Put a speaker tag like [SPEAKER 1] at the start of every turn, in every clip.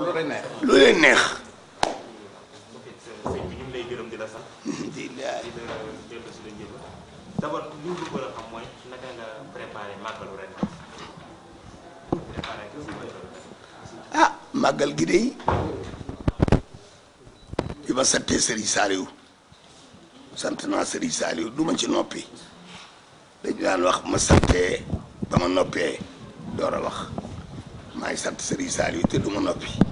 [SPEAKER 1] lu leen neex lu lay gërëm di la sax. di la di la dellu si la njëriñ d' ah màggal gi dey bi ma santee Serigne Saliou sant naa Serigne Saliou du ci noppi dañu daan wax ma santee ba ma noppee door a wax maay sant Serigne Saliou te du ma noppi.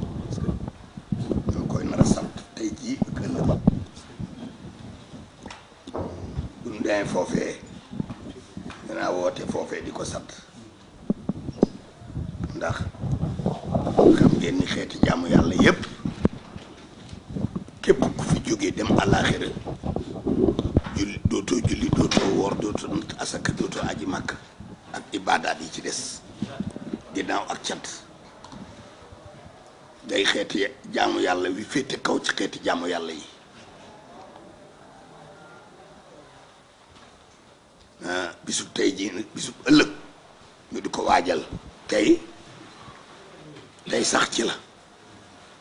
[SPEAKER 1] féete kaw ci xeeti jaamu yàlla yi ah, bisu tey jii bisu ëllëg ñu di ko waajal tey tey sax ci la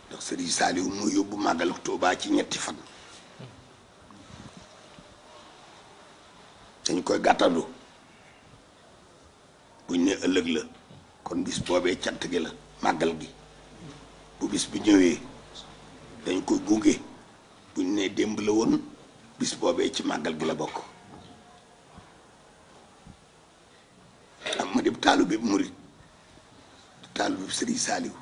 [SPEAKER 1] ndax sëriñ Saaliw mu yóbbu màggalu Tuubaa ci ñetti fan dañ koy gàttandu buñ ne ëllëg la kon bis boobee cant gi la màggal gi bu bis bu ñëwee dañ ko gunge bu ñu nee démb la woon bis boobee ci màggal gi la bokk am ma dem taalu bi murit taalu bi sëriñ saaliw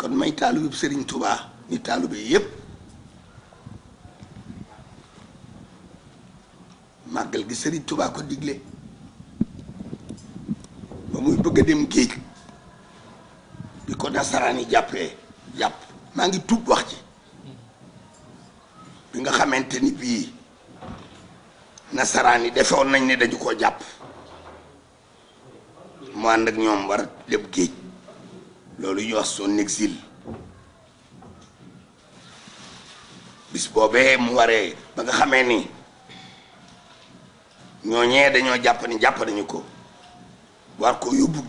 [SPEAKER 1] kon may taalu bi sëriñ tubaa ni taalu yépp màggal gi sëriñ tubaa ko digle ba muy bëgg a dem géej bi ko nasaraani jàppee jàpp maa ngi tuub wax ji bi nga xamante ni bii nasaraan yi defewoon nañ ne dañu koo jàpp mu ànd ak ñoom war lépp ñu wax son exil bis boobee mu waree ba nga xamee ni ñooñee dañoo jàpp ni jàpp nañu ko war ko yóbbu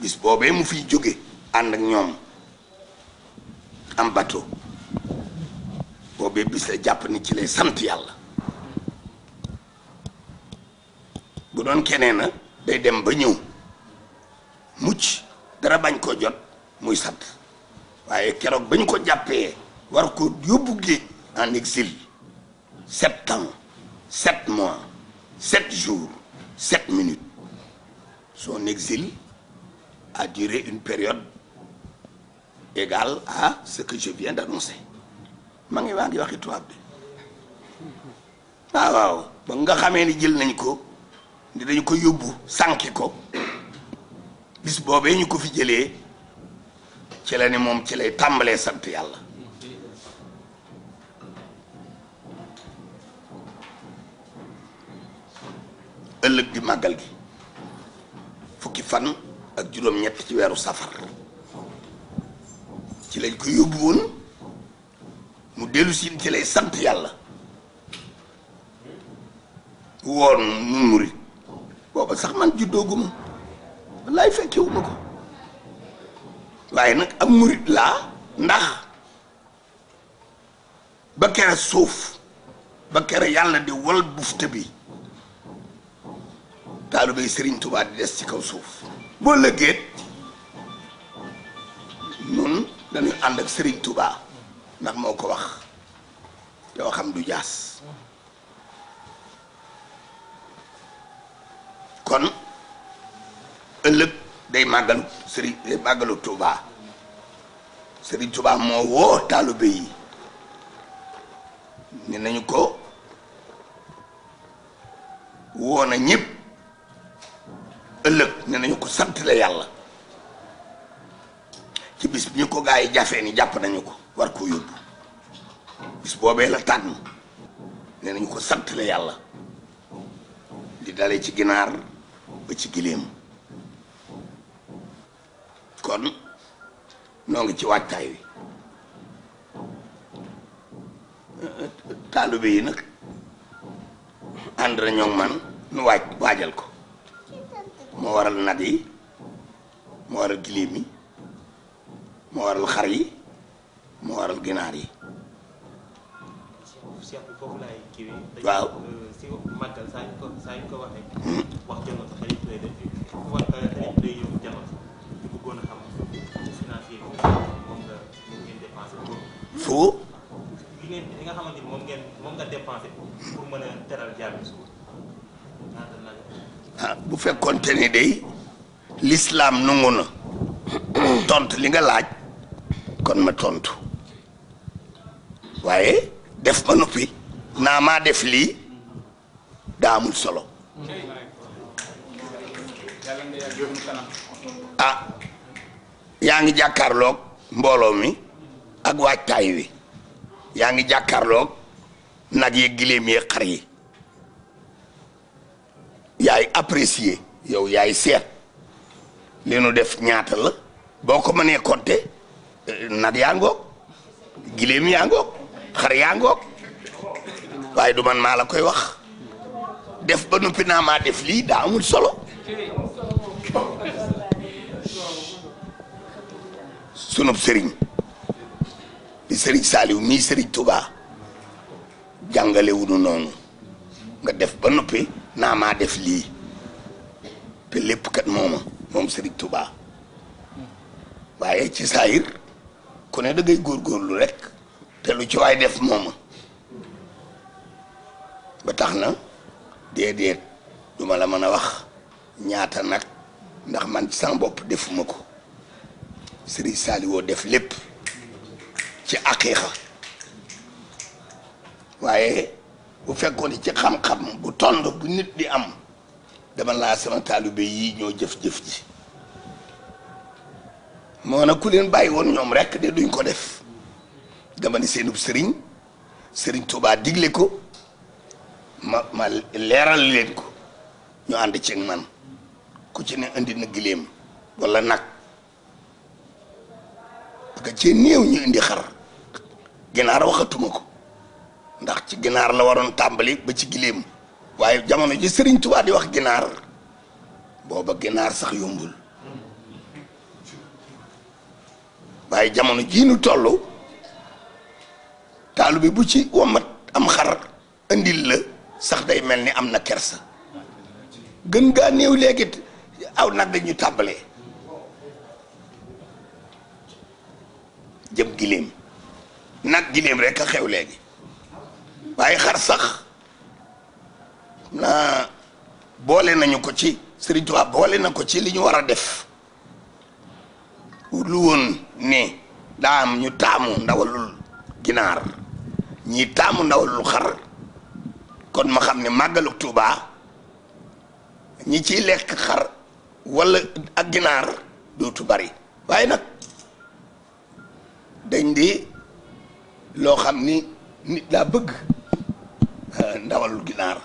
[SPEAKER 1] bis boobee mu fiy jóge ànd ak en bateau boobee bis la jàpp ni ci lay sant yàlla bu doon day dem ba ñëw mucc dara bañ ko jot muy en exil sept ans sept mois sept jours sept minutes son exil a duré une période égal à ce que je viens d'annoncer mangi wangi waa ngi waxi tubaab bi waaw ah, waaw ba nga xamee ni jël nañ ko ni dañ ko yóbbu sanki ko bis boobee ñu ko fi jëlee ci la ni ci lay tàmbalee sant yalla ëllëg di màggal gi fukki fan ak juróom-ñett ci weeru safar ci lañ ko yóbbu woon mu dellu si ci lay sant yàlla woon nun murit booba sax man juddooguma wallaay fekkewuma ko waaye nag am murit laa ndax ba kere suuf ba kere yàlla di wal bufte bi bay Sëriñ Tuubaa di des ci kaw suuf boo lëggeet dañuy ànd ak Serigne Touba ndax moo ko wax te xam du jaas kon ëllëg day màggalu sëriñ day màggalu Touba sëriñ Touba moo woo taalibe yi ne nañu ko woo na ñëpp ëllëg ne nañu ko sant yàlla. ci bis bi ñu ko gaa yi jafe ni jàpp nañu ko war koo yóbbu bis boobee la tànn ne nañu ko sant la yàlla di dalee ci ginaar ba ci giléem kon noo ngi ci waajtaay wi taalibe yi nag ànd na ñoom man nu waaj waajal ko moo waral nag yi moo waral giléem yi moo waral xar yi moo waral ginaar yi. cheikh bi foofu laay kiiwee. waaw si màggal saa ñu ko saa sa xarit lay def nga xamante ni moom ngeen moom nga mën teral jaam bu fekkoonte ne day lislaam nangu na tont li nga laaj. kon ma tontu waaye def ma noppi naa maa def lii daa amul solo ah yaa ngi jàkkaarloog mbooloo mi ak waajtaay wi yaa ngi jàkkaarloog nag yi giléem yi xar yi yaay apprécier yow yaay seet li nu def ñaata la boo ko mënee compter nag yaa ngoog giléem yaa ngoog xar du man mala koy wax def ba nu naa def li da amul solo sunub sering, di saliw saaliw tuba. Jangale tubaa jàngalewunu non nga def ba noppi naa maa def li pe lepp kat moma mom serigne touba waye ci sahir kone ne da ngay góorgóorlu rek te lu ci waay def mooma ba tax na déedéet du ma la mën a wax ñaata nag ndax man ci sama bopp defuma ko Serigne Saliou def lépp ci aqiiqa waaye bu fekkoon ci xam-xam bu tond bu nit di am dama laa sama taalibe yii ñoo jëf-jëf ji moo nag ku leen bàyyi woon ñoom rek de duñ ko def dama ni seenub sëriñ sëriñ Tuubaa digle ko ma ma leeral leen ko ñu ànd ceeg man ku ci ne indi na gileem walla nag parce que ci néew ñu indi xar ginaar waxatuma ko ndax ci ginaar la waroon tàmbali ba ci gileem waaye jamono ji sëriñ Tuubaa di wax ginaar booba ginaar sax yombul waaye jamono jii nu toll taalu bi bu ci womat am xar andil la sax day mel ni am na kers gën gaa néew léegi aw nag dañu tàmbalee jëm giléem nag giléem rekk a xew léegi waaye xar sax na boole nañu ko ci Sëriñ Tuubaa boole na ko ci li ñu war a def lu woon ne daa am ñu taamu ndawalul ginaar ñi taamu ndawalul xar kon ma xam ne màggaluk Tuubaa ñi ciy lekk xar walla ak ginaar dootu bari waaye nag dañ di loo xam ni nit daa bëgg eh, ndawalul ginaar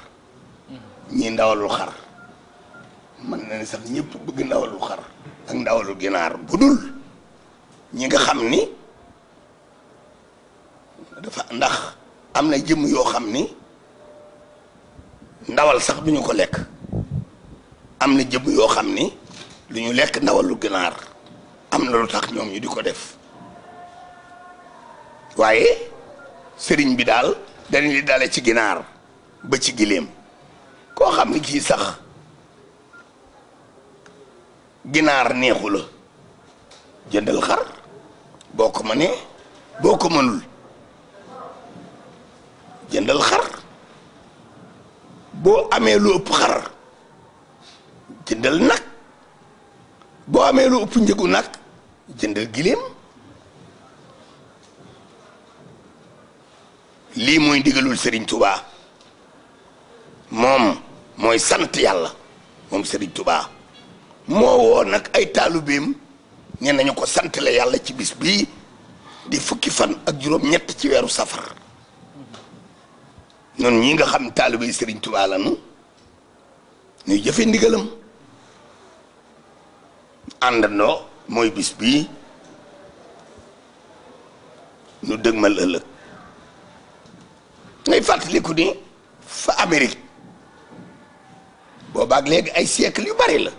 [SPEAKER 1] ñi ndawalul xar man na ne sax ñëpp bëgg ndawalul xar ak ndawalul ginaar bu dul ñi nga xam ni dafa ndax amna jëm yo xam ni ndawal sax duñu ko lek amna jëm yo xam ni lu ñu ndawal lu ginaar amna na lu tax ñoom ñu diko ko def waye sëriñ bi dal dañ li dalé ci ba ci gilem ko xam ni sax neexu la jëndal xar boo ko mënee boo ko mënul jëndal xar boo amee lu ëpp xar jëndal nag boo amee lu ëpp njëgu nag jëndal giléem lii mooy ndigalul sëriñ Touba moom mooy sant yàlla moom sëriñ Touba moo woo nag ay taalubeem ne nañu ko santale yàlla ci bis bii di fukki fan ak juróom-ñett ci weeru safar noonu ñi nga xam taalibe Sëriñ Tuubaa lañu ñuy jëfe ndigalam àndandoo mooy bis bii ñu dëgmal ëllëg ngay fàttaliku ni fa Amérique boobaak léegi ay siècle yu bari la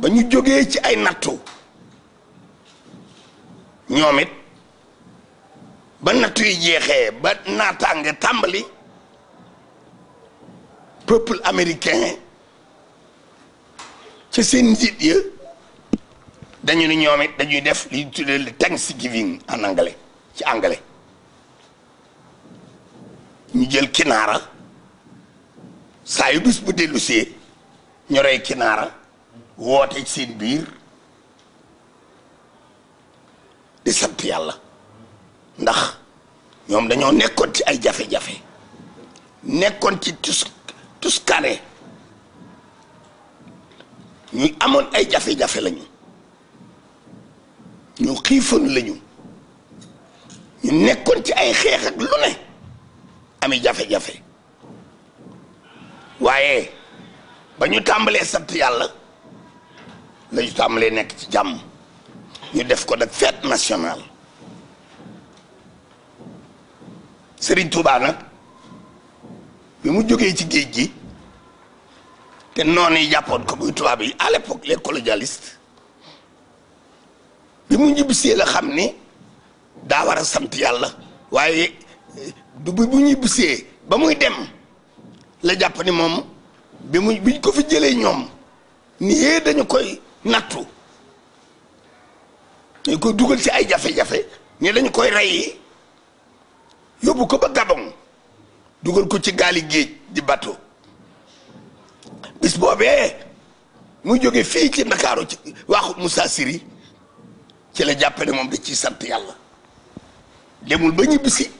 [SPEAKER 1] ba ñu jógee ci ay nattu ñoomit ba nattu yi jeexee ba naataange tàmbali peuple américain ca seen njiit ya dañu ni ñoom dañuy def li Thanksgiving en anglais ci anglais ñu jël kinaara saa yu bis bu dellusee ñu kinaara woote seen biir di sant yàlla ndax ñoom dañoo nekkoon ci ay jafe-jafe nekkoon ci tus tuskare ñuy amoon ay jafe-jafe lañu ñu xiifoon lañu ñu nekkoon ci ay xeex ak lu ne ami jafe-jafe waaye ba ñu tàmbalee sant yàlla lañu ñu tàmbalee nekk ci jàmm ñu def ko nag fête nationale Serigne Touba bi mu jógee ci géej gi te noonu yi jàppoon ko muy tubaab yi à l'époque les colonialistes bi mu ñibbisee la xam ni daa war a sant yàlla waaye du bi bu ñibbisee ba muy dem la jàpp ni moom bi mu biñ ko fi jëlee ñoom ni yee dañu koy Natu, dañ koy dugal ci ay jafe-jafe ne dañ koy rey yóbbu ko ba gabon dugal ko ci gaali géej di bato. bis boobee mu jóge fii ci ndakaaru ci waxu Siri ci la jàpp ne moom da ciy sant demul ba ñibbisi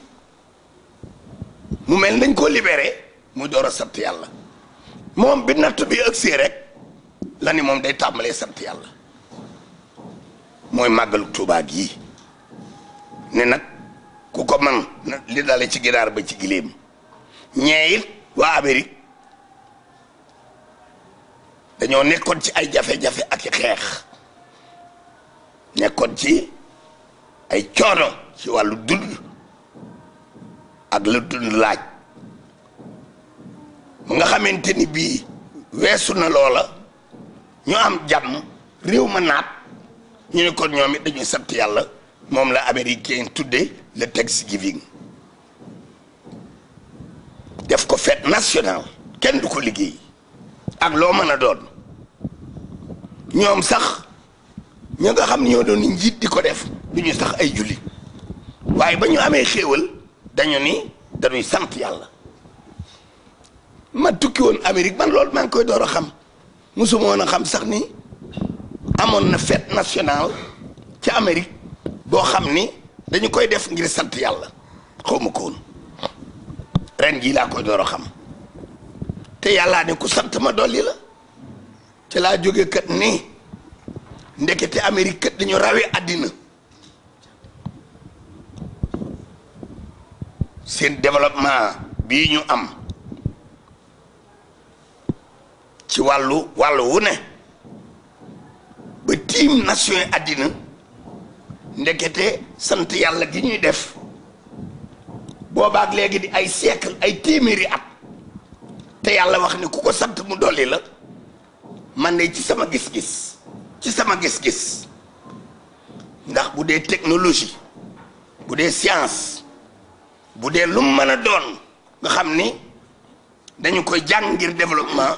[SPEAKER 1] mu mel dañ ko libéré mu door a sant yàlla bi natt bi la ni moom day tàmbalee sant yàlla mooy màggalu Tuubaa gii ne nag ku ko man li dale ci ginaar ba ci giléem ñee it waa Amérique dañoo nekkoon ci ay jafe-jafe ak i xeex nekkoon ci ay coono ci wàllu dund ak la dund laaj mu nga xamante ni bii weesu na loola ñu am jàmm réew ma naat ñu ne kon ñoom it dañuy sant yàlla moom la américain tuddee le Thanksgiving def ko fête nationale kenn du ko liggéey ak loo mën a doon ñoom sax ña nga xam ñoo doon njiit di ko def du ñu sax ay jullit waaye ba ñu amee xéewal dañu ni dañuy sant yàlla ma tukki woon Amérique man loolu maa ngi koy door a xam musumoon wona xam sax ni amon na fête nationale ci Amérique bo xam ni dañu koy def ngir sante yalla xawmako won ren gi la ko doro xam te yalla ne ku sante ma doli la ci la joge kat ni ndekete Amérique kat dañu rawe adina sen développement bi ñu am ci wàllu wàllu wu ne ba tiim nation yi àddina ndekete sant yàlla gi ñuy def boobaak léegi di ay siècle ay téeméeri at te yàlla wax ni ku ko sant mu dolli la man de ci sama gis-gis ci sama gis-gis ndax bu dee technologie bu dee science bu dee lu mën a doon nga xam ni dañu koy jàng ngir développement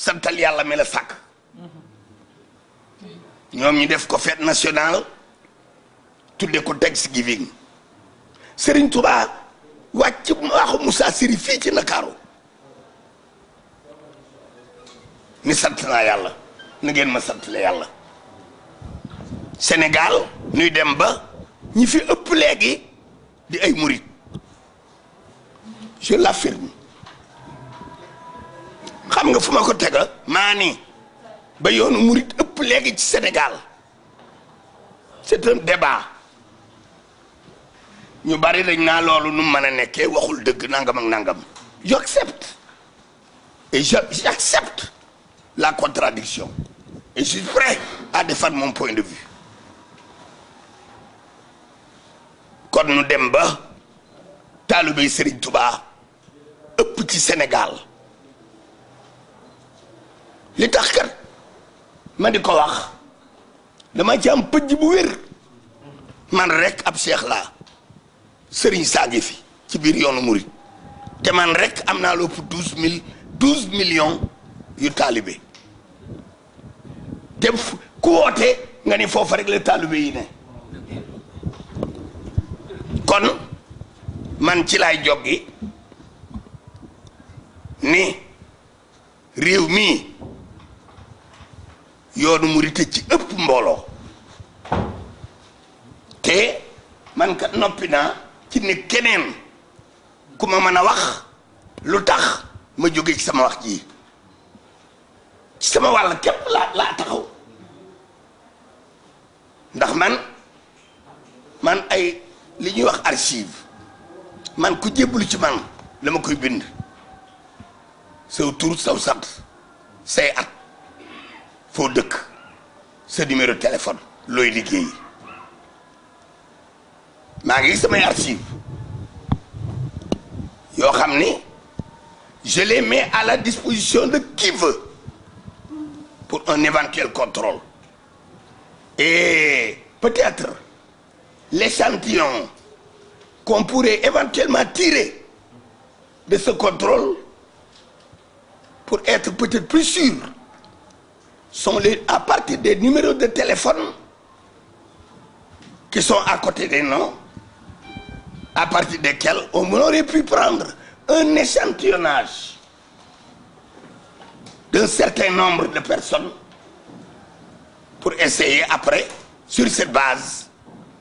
[SPEAKER 1] santal yalla mi la sàkk ñoom ñu def ko fête nationale tudde ko giving Serigne Touba wàcc waxu Moussa Siri fii ci nakaro ni sant yalla yàlla ngeen ma sant yalla Sénégal nuy dem ba ñi fi ëpp légui di ay murit je l'affirme xam nga fu ma ko tega ah? suis ba yoonu Sénégal c'est un débat ñu bari dañ naa loolu nu waxul et j'accepte la contradiction et je suis prêt à défendre mon point de vue kon nu dem ba Sénégal li tax kat ma di ko wax dama ci am pëj bu wér man rek ab seex laa sëriñ saagi fi ci biir yoonu murit te man rekk am naa lopp douze mille douze millions yu taalibe te ku woote nga ni foofa rek la taalibe yi ne kon man ci lay joggi ni réew mii yoonu murit ci ëpp mbooloo te man kat noppi naa ci ni keneen ku ma mën a wax lu tax ma jóge ci sama wax ji ci sama wàll képp laa laa taxaw ndax man man ay li ñuy wax archive man ku jébbalu ci man la ma koy bind saw tur saw sant say at Faut que ce numéro de téléphone looy Marie maa mes archives. archive je les mets à la disposition de qui veut pour un éventuel contrôle et peut-être l'échantillon qu'on pourrait éventuellement tirer de ce contrôle pour être peut-être plus sûr sont les, à partir des numéros de téléphone qui sont à côté des noms, à partir desquels on aurait pu prendre un échantillonnage d'un certain nombre de personnes pour essayer après, sur cette base,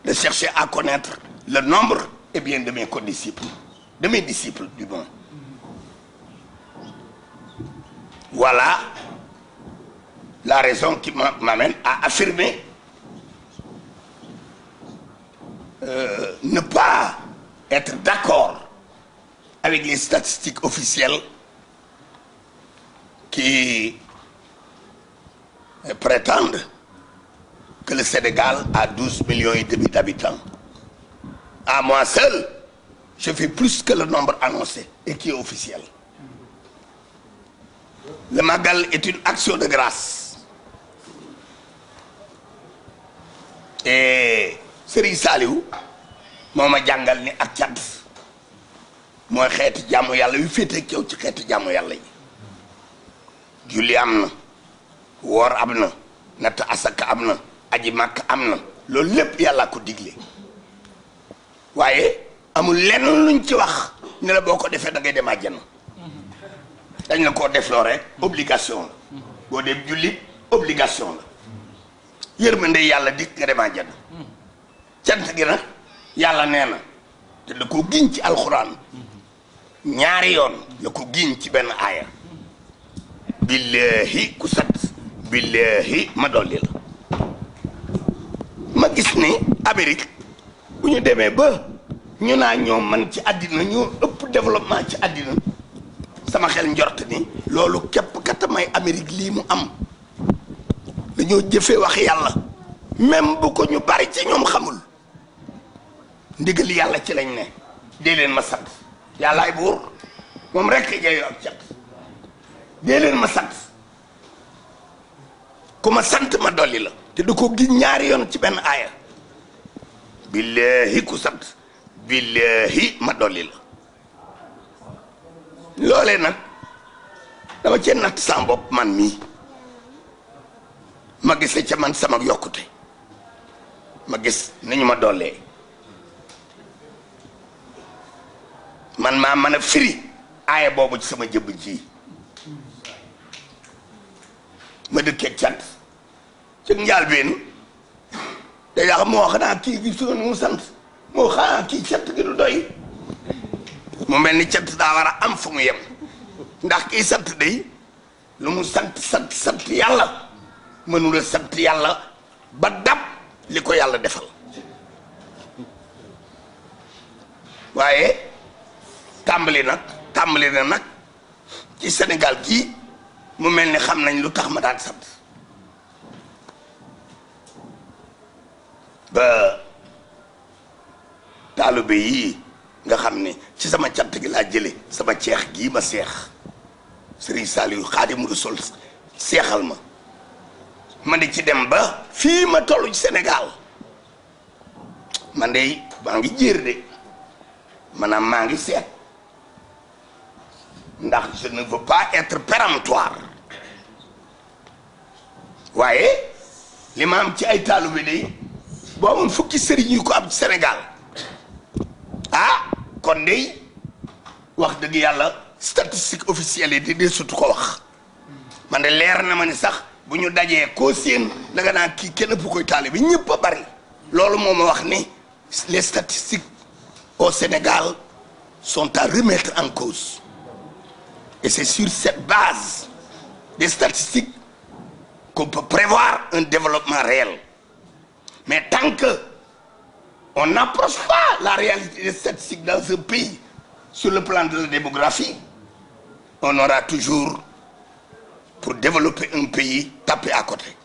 [SPEAKER 1] de chercher à connaître le nombre et bien de mes co-disciples, de mes disciples du bon. Voilà la raison qui m'amène à affirmer euh, ne pas être d'accord avec les statistiques officielles qui euh, prétendent que le Sénégal a 12 millions et demi d'habitants. À moi seul, je fais plus que le nombre annoncé et qui est officiel. Le Magal est une action de grâce Eh, sëriñ saaliwu moo ma jàngal ni ak cant mooy xeeti jàmm yàlla yu féete kaw ci xeeti jàmm yàlla yi julli am na woor am na natt asaka am na aji màkk am na loolu lépp yàlla ko digle waaye amul lenn luñ ci wax ne la boo ko defee da ngay dem àjjana dañ la koo defloo rek obligation la boo dem julli obligation la yermande yalla dik nga dem àjjana cant gi na yalla neena na te da ko giñ ci alquran ñaari yoon da ko giñ ci ben aya billahi ku sat billaahi ma dolli la ma gis ni Amérique bu ñu demee ba ñu na ñom man ci adina ñu upp development ci adina sama xel njort ni lolu kep kat may li mu am dañoo jëfee wax yàlla même bu ko ñu bari ci ñoom xamul ndigal yàlla ci lañ ne dee leen ma sant yàllaay buur moom rek jayo ak cat dee leen ma sant ku sant ma la te du ko gi yoon ci billahi ku sant billahi ma dolli la loolee nag dama cee natt sama bopp man mii ma gisee ca man sama yokkute ma gis ni ñu ma dollee man maa mën a firi aaye boobu ci sama jëbb ji ma dëkkee cant ci njaal benn da yàq moo xanaa kii gi suñu mu sant moo xanaa kii cant gi du doy mu mel ni cant daa war a am fu mu yem ndax kii sant day lu mu sant sant sant yàlla mënula sant yàlla ba dab li ko yàlla defal waaye tàmbali nag tàmbali na nag ci Sénégal gii mu mel ni xam nañ lu tax ma daan sant ba taalibe yii nga xam ni ci sama cant gi laa jële sama ceex gii ma seex Serigne Saliou Khadimou Rassoul seexal ma man di ci dem ba fi ma tollu ci Sénégal man de maa ngi jéer de maanaam maa ngi seet ndax je ne veux pas être péremptoire waaye li ma am ci ay taalibe de bo amoon fukki sëriñ ko am ci Sénégal ah kon de wax deug yalla statistique officielle di de sutu ko wax man de leer na man sax buñu les statistiques au Sénégal sont à remettre en cause et c'est sur cette base des statistiques qu'on peut prévoir un développement réel mais tant que on n'approche pas la réalité des statistiques dans un pays sur le plan de la démographie on aura toujours pour développer un pays tapé à côté.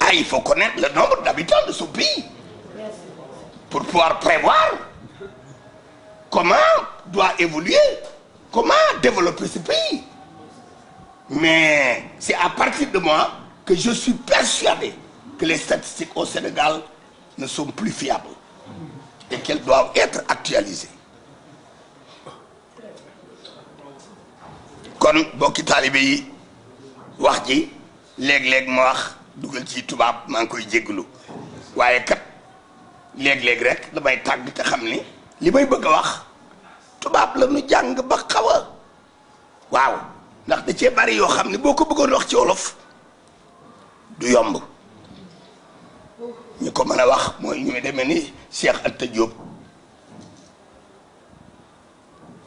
[SPEAKER 1] Ah, il faut connaître le nombre d'habitants de ce pays pour pouvoir prévoir comment doit évoluer, comment développer ce pays. Mais c'est à partir de moi que je suis persuadé que les statistiques au Sénégal ne sont plus fiables et qu'elles doivent être actualisées. kon bokki taalibe yi wax ji léeg-léeg ma wax dugal ci tubaab maa ngi koy jégalu waaye kat léeg-léeg rek damay tàgg te xam ni li may bëgg a wax tubaab la nu jàng ba xaw waaw ndax da cee bari yoo xam ne boo ko bëggoon wax ci wolof du yomb ñu ko mën a wax mooy ñuy demee ni Cheikh Anta Diop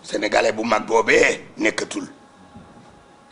[SPEAKER 1] sénégalais bu mag boobee nekkatul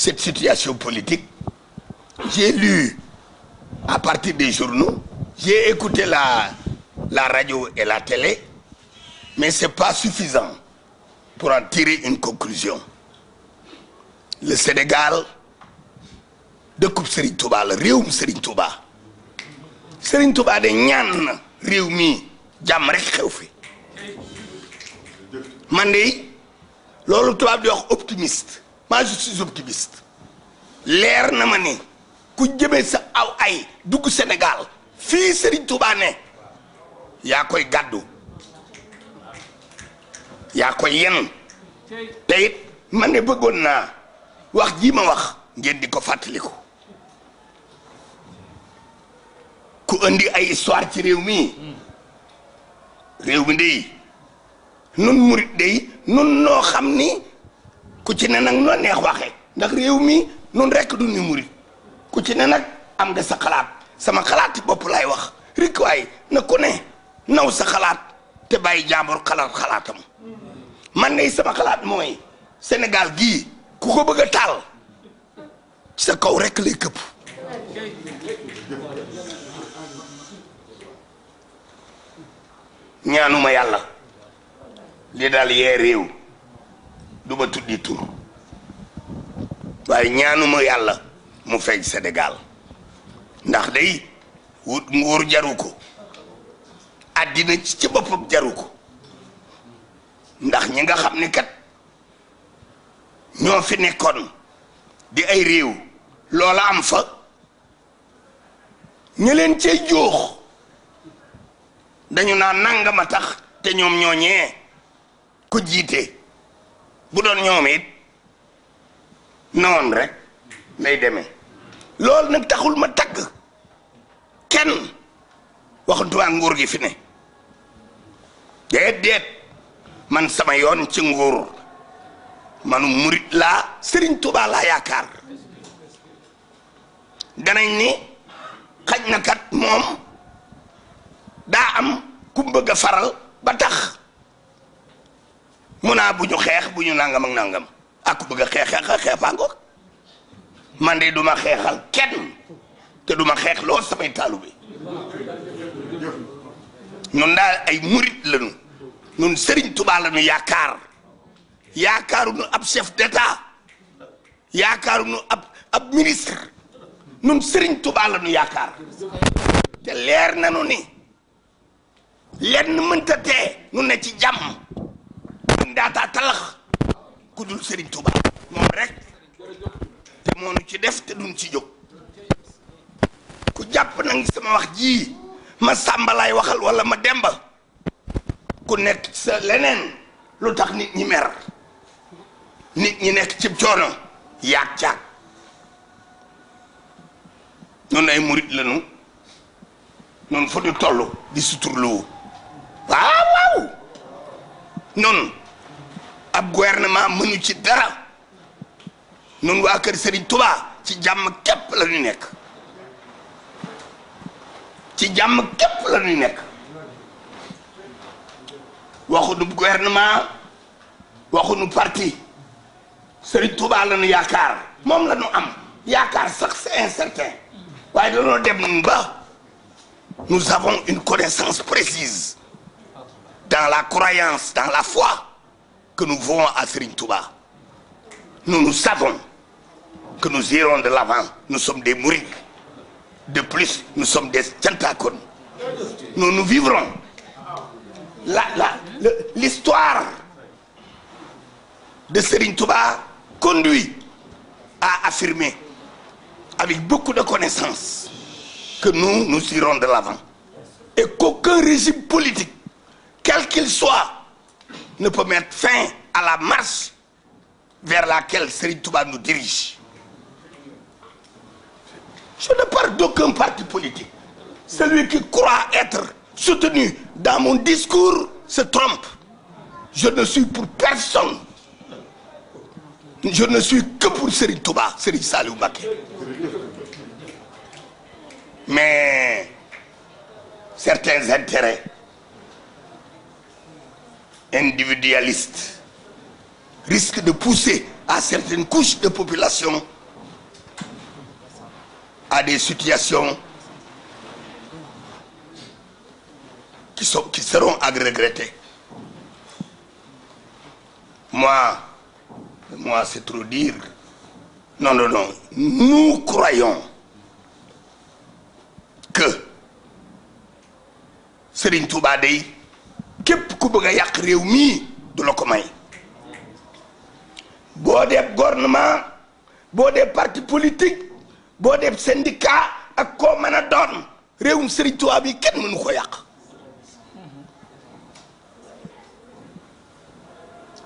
[SPEAKER 1] cette situation politique, j'ai lu à partir des journaux, j'ai écouté la, la radio et la télé, mais ce n'est pas suffisant pour en tirer une conclusion. Le Sénégal découpe Serigne Touba le réewum Serigne Touba Serigne Touba de ñaan na réew rek xew optimiste moi je suis optimiste leer na ma ni ku jëmee sa aw ay dugg Sénégal fii Serigne Touba ne yaa koy gàddu yaa koy yen te it ne bëggoon naa wax ji ma wax ngeen di ko fàttaliku ku indi ay histoire ci réew mi réew mi dey nun murit dey nun noo xam ni ku ci ne nag noonu neex waxee ndax réew mii nun rekk du ñu ku ci ne nag am nga sa xalaat sama xalaat bopp laay wax rek waaye na ku ne naw sa xalaat te bàyyi jàmbur xalaat xalaatam man ne sama xalaat mooy Sénégal gii ku ko bëgg a taal sa kaw rekk lay këpp ñaanuma yàlla li daal yee réew du ma tuddi tur waaye ñaanuma yàlla mu feeñ Sénégal ndax day wut nguur jaru ko àddina ci ci boppam jaru ko ndax ñi nga xam ni kat ñoo fi nekkoon di ay réew loola am fa ñu leen cay joox dañu naa nangama tax te ñoom ñooñee ko jiite bu doon ñoom it noonu rek lay demee loolu nag taxul ma tagg kenn waxantuwaa nguur gi fi ne déet déet man sama yoon ci nguur manu murit laa sëriñ Tuubaa yaakaar danañ ni xaj na kat moom daa am ku bëgg faral ba tax muna ah buñu xex buñu nangam ak nangam ak bëgg xex xex xex xeex baa man de duma xexal kenn te duma xex lo samay talubé ñun daal ay murit lañu ñun Serigne Touba lañu yaakaru ñu ab chef d'état ñu ab ab ministre ñun Serigne Touba lañu yaakar te leer nañu ni lenn mënta té ñu ne ci jamm data talax kudul dul serigne touba mom rek te monu ci def te duñ ci jog ku japp nang sama wax ji ma samba waxal wala ma demba ku nek sa leneen lu tax nit ñi mer nit ñi nek ci coono non ay murid lañu non fa ñu tollu di suturlu waaw waaw non ab gouvernement mënu ci dara noonu wa kër Serigne Touba ci jamm kep la ñu nekk ci jamm kep la ñu waxu du gouvernement waxu nu parti Serigne Touba la ñu yaakaar moom la ñu am yaakaar sax c'est incertain waaye dañoo dem ba nous avons une connaissance précise dans la croyance dans la foi que nous voulons à Touba. Nous, nous savons que nous irons de l'avant. Nous sommes des mourides. De plus, nous sommes des tentacons. Nous, nous vivrons. L'histoire de Serine Touba conduit à affirmer avec beaucoup de connaissances que nous, nous irons de l'avant. Et qu'aucun régime politique, quel qu'il soit, ne peut mettre fin à la marche vers laquelle Serigne Touba nous dirige. Je ne parle d'aucun parti politique. Celui qui croit être soutenu dans mon discours se trompe. Je ne suis pour personne. Je ne suis que pour Serigne Touba, Serigne Mais certains intérêts individualiste risque de pousser à certaines couches de population à des situations qui, sont, qui seront à regretter. Moi, moi c'est trop dire. Non, non, non. Nous croyons que Serine Toubadei képp ku bëgg a yàq réew mii du la ko may boo dee gouvernement boo dee parti politik boo dee syndicat ak koo mën a doon réewum Sëriñ Tuubaa bi kenn mënu ko yàq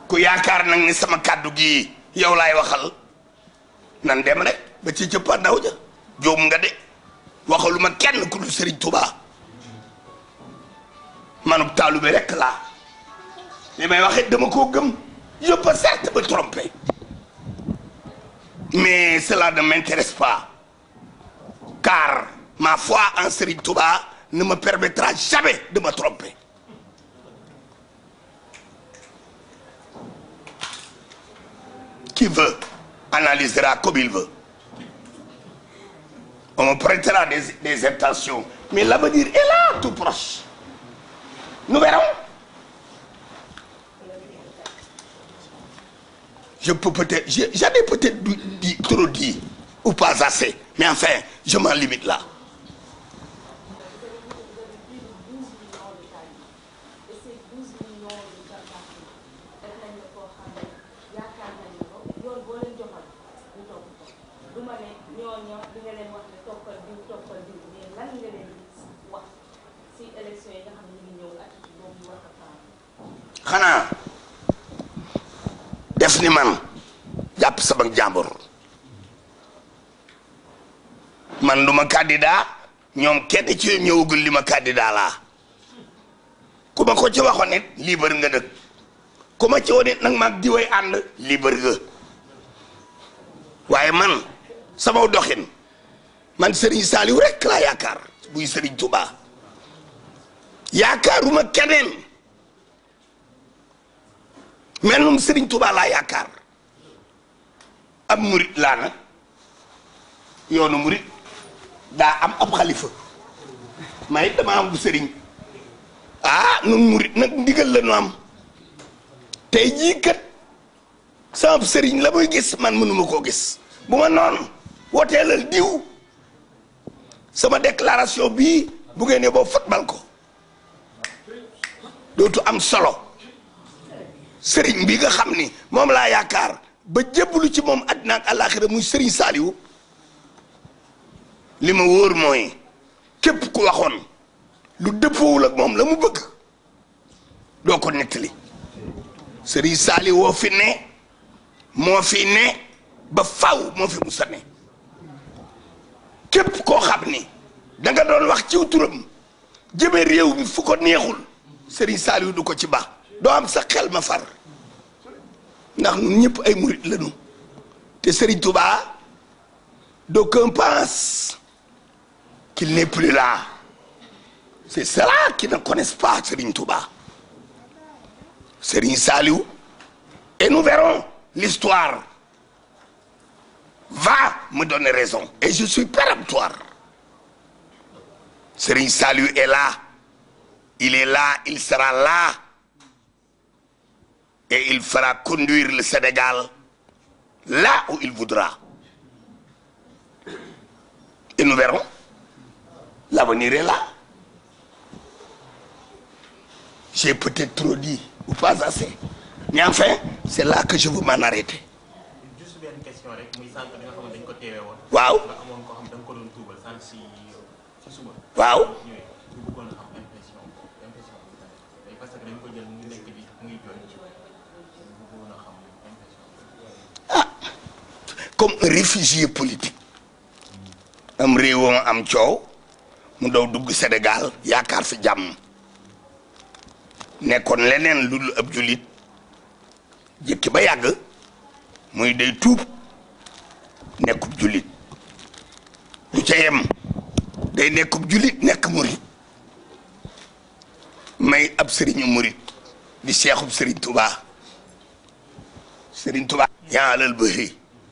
[SPEAKER 1] ku yaakaar nag ni sama kàddu gi yow laay waxal nan dem rek ba ci cëppa ndaw ja jóom nga de waxaluma kenn ku dul Sëriñ Tuubaa Je ne rek may je peux certes me tromper mais cela ne m'intéresse pas car ma foi en Sri Touba ne me permettra jamais de me tromper qui veut analysera comme il veut on me prêtera des, des intentions mais l'avenir est là tout proche nous verrons. Je peux peut-être, j'avais peut-être dit, trop dit, ou pas assez, mais enfin, je m'en limite là. xana def ni man jàpp sama jambour man du candidat ñom kenn ci ñewugul lima candidat la ku ma ko ci waxoon it liibar nga dëkk ku ma ci woon nak mak ga waye man sama doxine man Serigne saliw rek la yakar buy Serigne Touba yakaruma kenen melum serigne touba la yakar am mourid la na yoonu murit da am ab khalifa may dama am serigne ah nun murit nak digel la nu am tay ji kat sama serigne la gis man munuma ko gis buma non noonu diw sama déclaration bi bu ngeen ne boo football ko dootu am solo sëriñ bi nga xam ni moom laa yaakaar ba jébbalu ci moom àddina ak àllaaxira muy sëriñ saaliwu li ma wóor mooy képp ku waxoon lu dëppoowul ak moom la mu bëgg doo ko li sëriñ saali woo fi ne moo fi ne ba faw moo fi musa ne képp koo xam ni danga nga doon wax ciw turam jëme réew mi fu ko neexul sëriñ saaliwu du ko ci baax Donc ça sa xel ma far Touba d'aucuns pensent qu'il n'est plus là c'est cela qui ne connaissent pas Serigne Touba Serigne salut. et nous verrons l'histoire va me donner raison et je suis péremptoire Serigne salut est là il est là il sera là et il fera conduire le Sénégal là où il voudra. Et nous verrons. L'avenir est là. J'ai peut-être trop dit, ou pas assez. Mais enfin, c'est là que je vous m'en arrêter. Juste une comme un réfugié politique am réewam am coow mu daw dugg Sénégal yaakaar fi jàmm nekkoon leneen lu dul ab jullit jëkki ba yàgg muy day tuub nekkub jullit lu ca yem day nekkub jullit nekk murit may ab sëriñu murit di seexub sëriñ Touba sëriñ Touba yaa alal bëri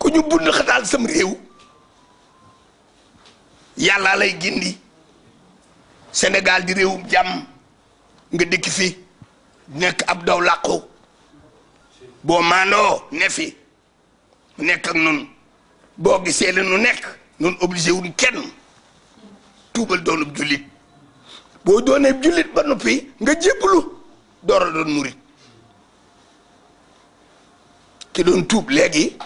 [SPEAKER 1] ku ñu bund xataal sam réew yàlla lay gindi Sénégal di réewum jàmm nga dëkk fi nekk ab daw làqu boo maandoo ne fi nekk ak nun boo gisee la nu nekk nun obligé wuñ kenn tuubal doonub jullit boo doonee jullit ba noppi nga jébbalu door a doon murit ki doon tuub léegi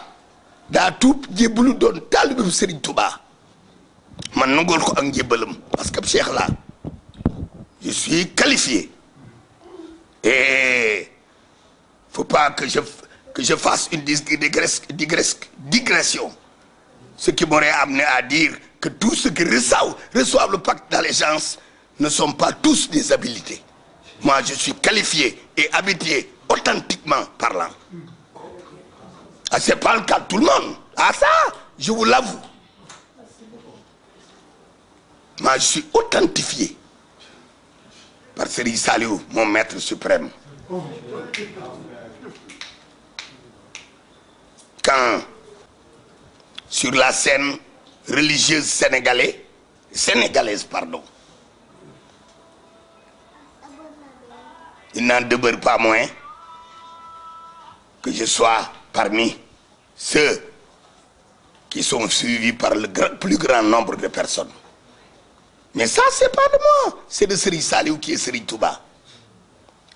[SPEAKER 1] je suis qualifié et faut pas que je que je fasse une digression ce qui m'aurait amené à dire que tous ceux qui reçoivent, reçoivent le pacte d'allégeance ne sont pas tous des habilités. Moi, je suis qualifié et habitué authentiquement parlant. Ce ah, c'est pas le cas de tout le monde. Ah ça, je vous l'avoue. Moi, je suis authentifié par Seri salue mon maître suprême. Quand, sur la scène religieuse sénégalaise, sénégalaise, pardon, il n'en demeure pas moins que je sois parmi ceux qui sont suivis par le plus grand nombre de personnes. Mais ça, c'est pas de moi. C'est de Sri Saliou qui est Sri Touba.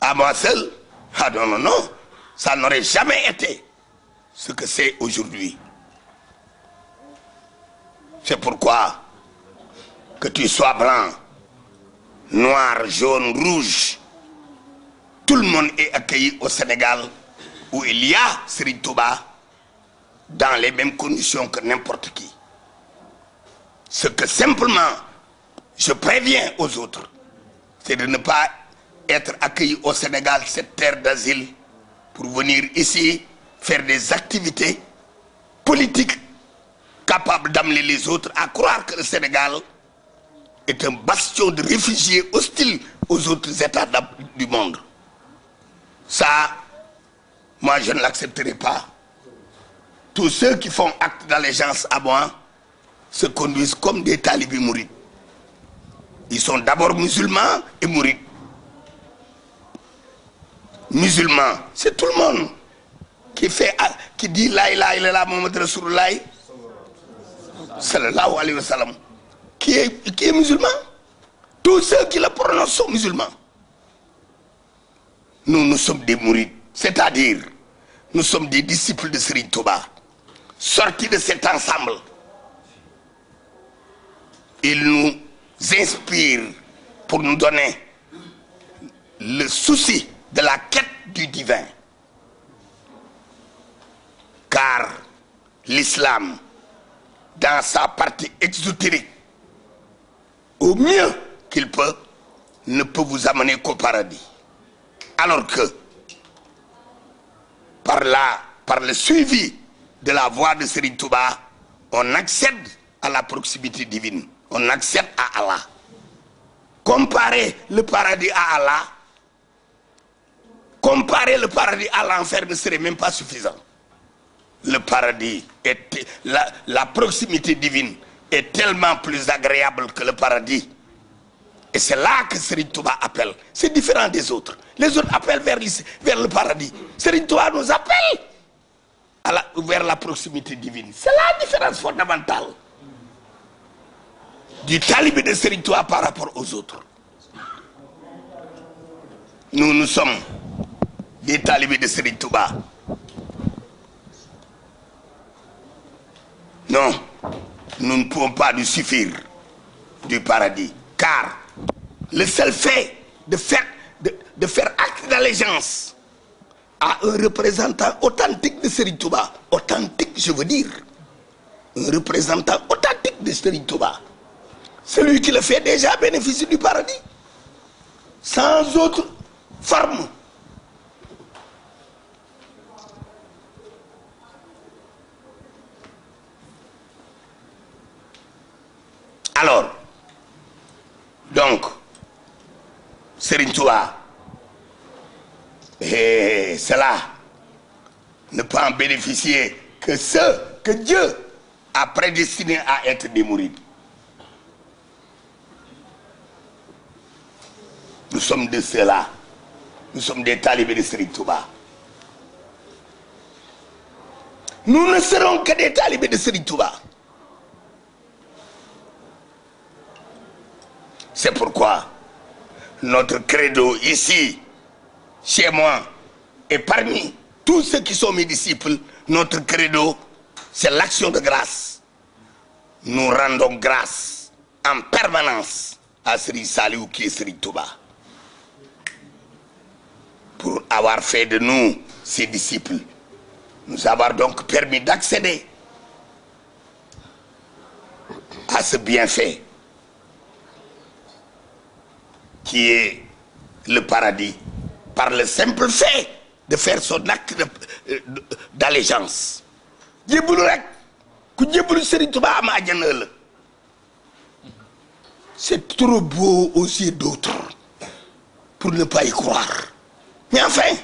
[SPEAKER 1] À moi seul, ah non, non, non, ça n'aurait jamais été ce que c'est aujourd'hui. C'est pourquoi, que tu sois blanc, noir, jaune, rouge, tout le monde est accueilli au Sénégal où il y a Sri Touba dans les mêmes conditions que n'importe qui. Ce que simplement je préviens aux autres, c'est de ne pas être accueilli au Sénégal, cette terre d'asile, pour venir ici faire des activités politiques capables d'amener les autres à croire que le Sénégal est un bastion de réfugiés hostiles aux autres États du monde. Ça, moi, je ne l'accepterai pas tous ceux qui font acte d'allégeance à moi se conduisent comme des talibis mourides. Ils sont d'abord musulmans et mourides. Musulmans, c'est tout le monde qui, fait, qui dit la ilaha laï laï. là sallallahu alayhi wa salam. qui est, qui est musulman. Tous ceux qui le prononcent sont musulmans. Nous, nous sommes des mourides, c'est-à-dire nous sommes des disciples de Sri Toba sorti de cet ensemble, il nous inspire pour nous donner le souci de la quête du divin. Car l'islam, dans sa partie exotérique, au mieux qu'il peut, ne peut vous amener qu'au paradis. Alors que, par, par le suivi de la voix de Sri Touba, on accède à la proximité divine, on accède à Allah. Comparer le paradis à Allah, comparer le paradis à l'enfer ne serait même pas suffisant. Le paradis, est, la, proximité divine est tellement plus agréable que le paradis. Et c'est là que Sri Touba appelle. C'est différent des autres. Les autres appellent vers, le paradis. Sri Touba nous appelle à vers la proximité divine. C'est la différence fondamentale du talibé de Sérictoire par rapport aux autres. Nous, nous sommes des talibés de Sérictoire. Non, nous ne pouvons pas nous suffire du paradis. Car le seul fait de faire, de faire acte d'allégeance à un représentant authentique de Serigne Touba. Authentique, je veux dire. Un représentant authentique de Serigne Touba. Celui qui le fait déjà bénéficier du paradis. Sans autre forme. Alors, donc, Serigne Touba et eh, cela ne peut en bénéficier que ceux que Dieu a prédestinés à être des Nous sommes de cela. Nous sommes des talibés de Sri Nous ne serons que des talibés de Sri C'est pourquoi notre credo ici chez moi. Et parmi tous ceux qui sont mes disciples, notre credo, c'est l'action de grâce. Nous rendons grâce en permanence à Sri Saliou qui est Sri Touba pour avoir fait de nous ses disciples, nous avoir donc permis d'accéder à ce bienfait qui est le paradis par le simple fait de faire son acte euh, d'allégeance c'est trop beau aussi d'autres pour ne pas y croire mais enfin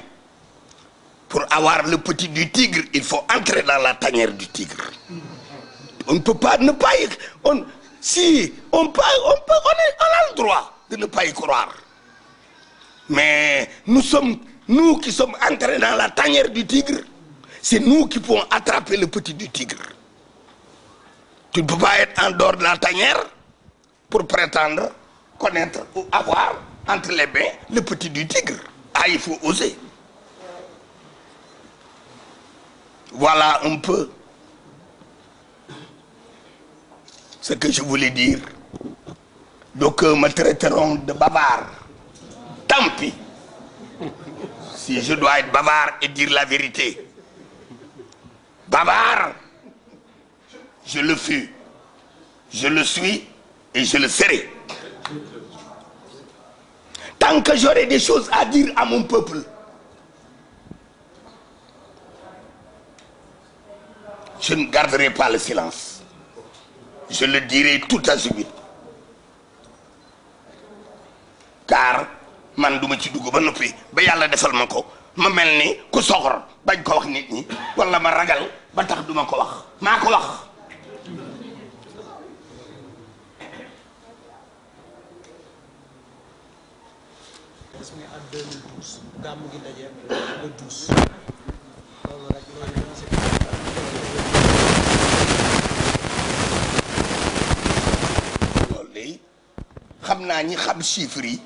[SPEAKER 1] pour avoir le petit du tigre il faut entrer dans la tanière du tigre on ne peut pas ne pas y on si on peut on peut on a le droit de ne pas y croire mais nous sommes, nous qui sommes entrés dans la tanière du tigre, c'est nous qui pouvons attraper le petit du tigre. Tu ne peux pas être en dehors de la tanière pour prétendre connaître ou avoir entre les mains le petit du tigre. Ah, il faut oser. Voilà un peu ce que je voulais dire. Donc, euh, me traiteront de bavard tant pis. Si je dois être bavard et dire la vérité. Bavard, je le fus, je le suis et je le serai. Tant que j'aurai des choses à dire à mon peuple, je ne garderai pas le silence. Je le dirai tout à suite. Car man duma ci dugg ba noppi ba yàlla defal ma ko ma mel ni ku soxor bañ ko wax nit ñi wala ma ragal ba tax duma ko wax maa ko wax gis xam naa ñi yi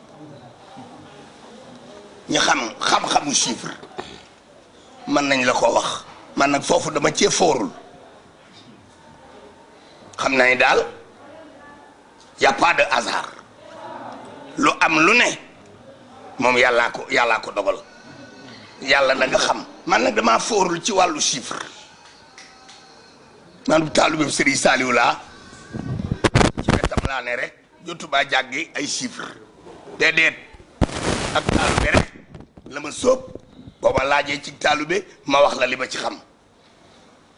[SPEAKER 1] ñu xam xam-xamu chiffre man nañ la ko wax man nak fofu dama ci forul xam nañ dal y a pas de hasard lu am lu ne mom yalla ko yalla ko dogal yalla na nga xam man nak dama forul ci walu chiffre man taalibu Serigne Saliou la ci wetam la ne rek jottu ba jaggi ay chiffre dedet ak taalu rek la ma sóob booba laajee ci taalube ma wax la li ma ci xam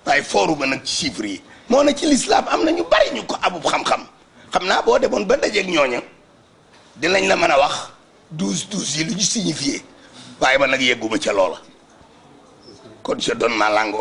[SPEAKER 1] waaye fooru ba nag ci chiffres yi moo na ci lislaam am na ñu bari ñu ko abub xam-xam xam naa boo demoon ba dajeeg ñooña dinañ la mën a wax douze douze yi lu ñu signifié waaye man nag yegguma ca loola kon je donne ma langue